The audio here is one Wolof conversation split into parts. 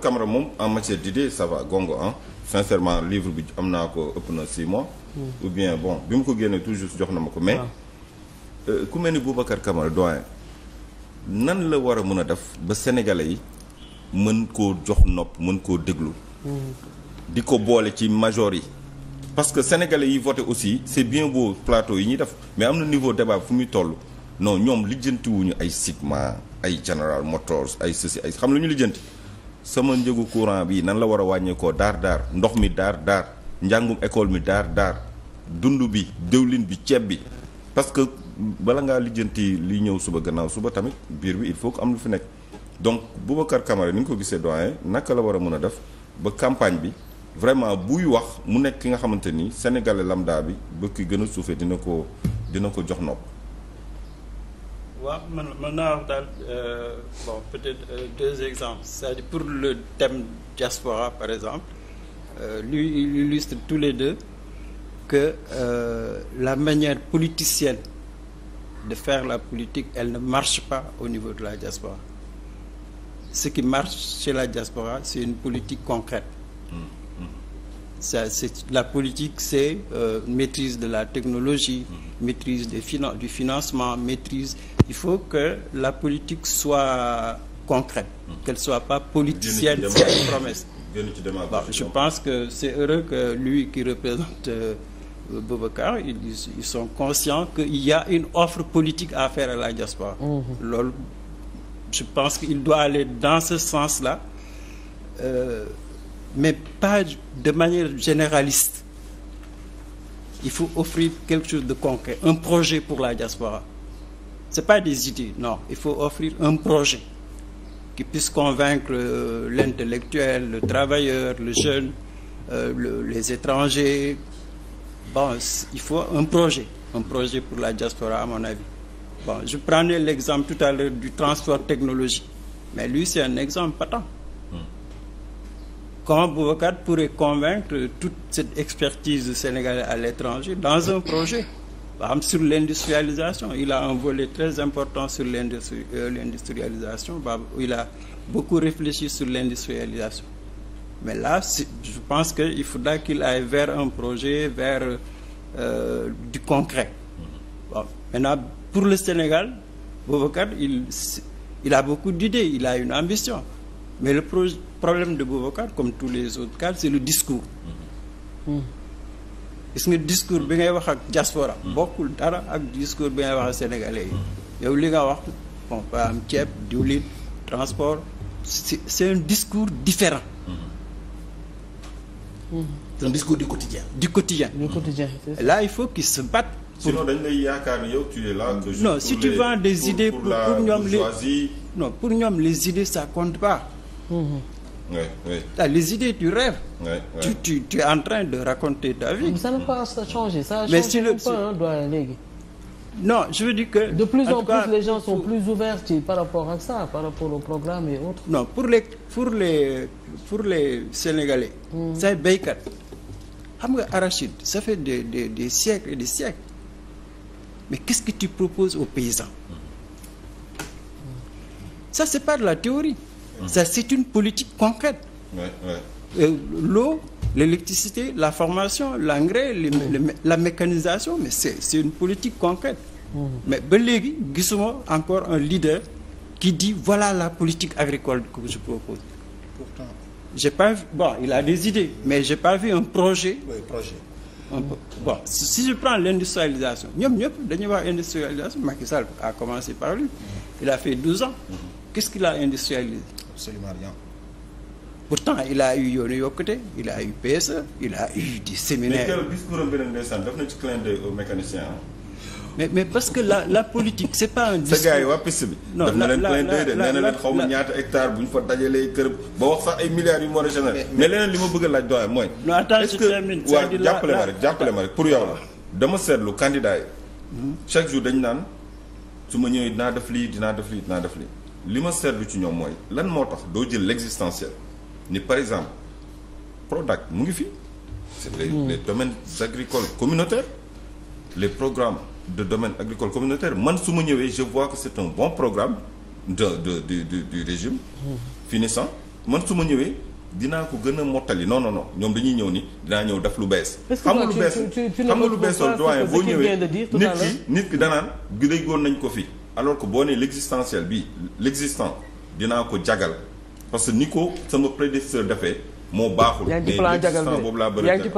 Camara moom en matière d'idée ça va gongo ah sincèrement livre bi am naa ko ëpp na six mois hmm. ou bien bon bi mu ko génnee toujours jox na ma ko mais ah. euh, ku mel ni Boubacar Camara doyen nan la war a mun a def ba sénégalais yi mën koo jox nopp mën koo déglu hmm. di ko boole ci major yi parce que sénégalais yi voté aussi c'est bien beau plateau yi ñuy def mais am na niveau débat fu muy toll non ñoom lijjantiwuñu ay Sigma ay General Motors ay ceci ay xam lu ñu lijjanti sama njëgu courant bi nan la war a wàññeekoo daar daar ndox mi daar daar njàngum école mi daar daar dund bi diwlin bi ceeb bi parce que bala ngaa lijjanti li ñëw suba gannaaw suba tamit biir bi il faut que am lu fi nekk donc Boubacar Camara ni nga ko gisee doyen naka la war a mën a def ba campagne bi vraiment buy wax mu nekk ki nga xamante ni sénégalais lamdaa bi bëkki gën a suufee dina ko dina ko jox nopp waaw man mën naa wax daal euh, peut-être euh, deux exemples pour le thème diaspora par exemple euh, lui il illustre tous les deux que euh, la manière politicienne de faire la politique elle ne marche pas au niveau de la diaspora ce qui marche chez la diaspora c'est une politique concrète hmm. ça c'est la politique c'est euh, maîtrise de la technologie mm-hmm. maîtrise des finan du financement maîtrise il faut que la politique soit concrète mm-hmm. qu'elle soit pas politicienne c'est une promesse bon, je pense que c'est heureux que lui qui représente euh, Boubacar ils, ils sont conscients qu'il y a une offre politique à faire à la diaspora mm-hmm. loolu je pense qu'il doit aller dans ce sens-là euh, mais pas de manière généraliste il faut offrir quelque chose de concret un projet pour la diaspora c'est pas des idées non il faut offrir un projet qui puisse convaincre euh, l'intellectuel le travailleur le jeune euh, le, les étrangers bon il faut un projet un projet pour la diaspora à mon avis bon je prenais l'exemple tout à l'heure du transport technologique mais lui c'est un exemple patent comment Boubacar pourrait convaincre toute cette expertise sénégalaise à l'étranger dans un projet par exemple sur l'industrialisation il a un volet très important sur euh, l'industrialisation il a beaucoup réfléchi sur l'industrialisation mais là je pense qu'il faudra qu'il aille vers un projet vers euh, du concret bon. maintenant pour le Sénégal Boubacar il, il a beaucoup d'idées il a une ambition mais le pro problème de Boubacar comme tous les autres cas c'est le discours mm-hmm. gis nga discours bi ngay wax ak diaspora mm-hmm. bokkul dara ak discours bi ngay wax ak sénégalais yi mm-hmm. yow li nga wax bon par am ceeb diwlin transport c'est un discours différent c'est un discours du quotidien du quotidien du quotidien là il faut qu'ils se battent pour... sinon non si tu des idées pour pour ñoom les idées ça compte pas Oui, oui. As les idées, tu rêves. Oui, tu, tu, tu, es en train de raconter ta vie. Mais ça n'a pas changé. Ça a changé Mais si le, pas, hein, Non, je veux dire que... De plus en, en plus, cas, les gens sont pour... plus ouverts par rapport à ça, par rapport au programme et autres. Non, pour les, pour les, pour les Sénégalais, mm. c'est Beykat. Arachide, ça fait des, des, des, siècles et des siècles. Mais qu'est-ce que tu proposes aux paysans mm. Ça, c'est pas de la théorie. Ça, c'est une politique concrète. Ouais, euh, l'eau, l'électricité, la formation, l'engrais, mmh. la mécanisation, mais c'est une politique concrète. Mais ba léegi gisuma encore un leader qui dit voilà la politique agricole que je propose. Pourtant. J'ai pas vu, bon, il a des idées, mais j'ai pas vu un projet. projet. Un, bon, si je prends l'industrialisation, ñoom ñëpp dañuy wax industrialisation, Macky a commencé par lui. Il a fait 12 ans. Qu'est-ce qu'il a industrialisé? absolument rien. pourtant il a eu yoonu yokkute il a eu PSE il a eu des séminaires. mais def na ci clin d'œil au mécanicien mais mais parce que la la politique c'est pas un discours. sa na leen clin d'œil de nee na leen xaw ma ñaata hectare bu fa dajalee kër ba wax sax ay milliards yu mu war a générer. mais leneen li ma bëgg laaj doyen mooy. non attends je termine est-ce que waaw jàppale ma rek jàppale ma rek pour yow la. dama seetlu candidat yi. Mm-hmm. chaque jour dañu naan su ma ñëwee dinaa def lii dinaa def lii dinaa def lii. li ma seetlu ci ñoom mooy lan moo tax doo jël l'existentiel ni par exemple Prodac mu ngi fi. c'est les hmm. les domaines agricoles communautaires les programmes de domaine agricole communautaire man su ma ñëwee je vois que c'est un bon programme de de du du du régime. Hmm. finissant man su ma ñëwee dinaa ko gën a mottali non non non ñoom dañuy ñëw ni dinaa ñëw def lu bees. xam nga lu bees xam nga lu bees boo ñëwee nit ki nit ki danaan gi day góon nañ ko fii. alors que boo nee l'existentiel bi l'existant dinaa ko jagal parce que ni ko sama prédécesseur defee moo baaxul. yaa ngi ci plan jagal bi de boobu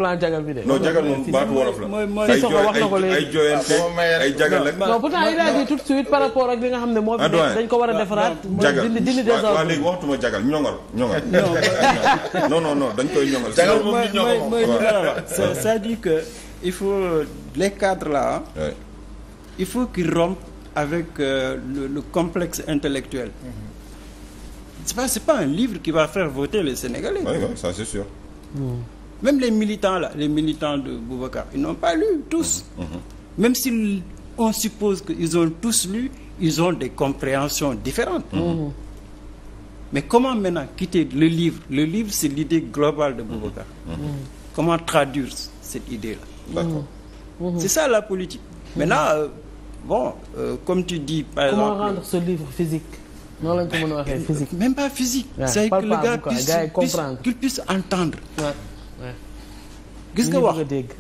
laa jagal bi de. non jagal moom baatu wolof la. mooy mooy wax na ko léegi ay jooyante ay jagal ak. non pourtant il a dit tout de suite par rapport ak li nga xam ne moo fi dañ ko war a defaraat. jagal dindi dindi des waaw léegi waxtuma jagal ñoŋal ñoŋal. non non dañ koy ñoŋal. jagal moom ñu ñoŋal mooy mooy c'est-à-dire que il faut les cadres là. il faut qu'ils rompent avec euh, le, le, complexe intellectuel. Mm -hmm. Ce n'est pas, pas, un livre qui va faire voter les Sénégalais. Oui, oui ça c'est sûr. Mm. Même les militants, là, les militants de Boubacar, ils n'ont pas lu, tous. Mm -hmm. Même si on suppose qu'ils ont tous lu, ils ont des compréhensions différentes. -hmm. Mais comment maintenant quitter le livre Le livre, c'est l'idée globale de Boubacar. Mm, comment traduire cette idée-là C'est ça la politique. Maintenant, euh, bon euh, comme tu dis. par Comment exemple rendre ce livre physique. noonu lañ ko mën a waxee euh, physique. même pas physique. waaw ouais, c'est que le gars puisse gars puisse entendre. gis nga wax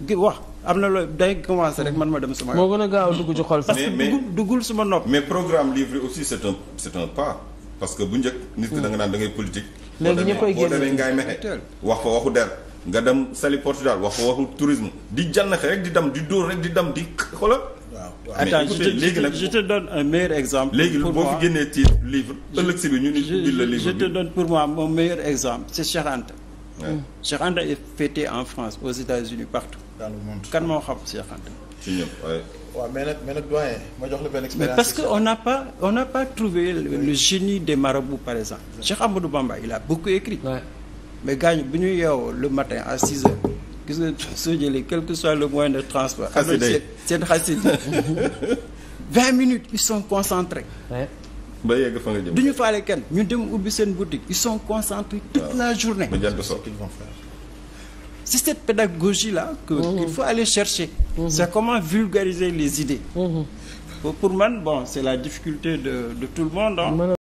gi wax am na loo day commencé rek man ma dem sama. moo gën a gaaw a dugg ci xol. parce que dugul duggul suma nopp. mais programme livre aussi c'est un c'est un pas parce que bu njëkk. nit ki da nga naan da ngay politique. léegi ñëppay génn boo demee ngay mexe wax ko waxu der. nga dem Saly Portudal wax fa waxu tourisme di jànnaxe rek di dem di dóor rek di dem di xoolal. waaw attends je te donne un meilleur exemple. léegi boo fi génnee titre livre. ëllëg si bi ñu ni la livre je te donne pour moi mon meilleur exemple c' est Cheikh Anta. waaw en France aux États-Unis partout. dans le monde kan moo xam Cheikh Anta. waaw mais nag mais nag doyen ma jox la benn expérience. mais parce que on n'a pas on n'a pas trouvé le génie des marabouts par exemple. Cheikh Amadou Bamba il a beaucoup écrit. mais gaañu bu ñu yeewoo le matin à 6 heures. gis nga soo jëlee quel que soit le moyen de transport. xasida seen xasida vingt minutes ils sont concentrés. ba yegg fa nga jëm du ñu faale kenn. ñu dem ubbi seen boutique ils sont concentrés toute la journée. ba so c'est cette pédagogie là. que mm-hmm. qu'il faut aller chercher. Mm-hmm. comment vulgariser les idées. Mm-hmm. pour man bon c'est la difficulté de de tout le monde.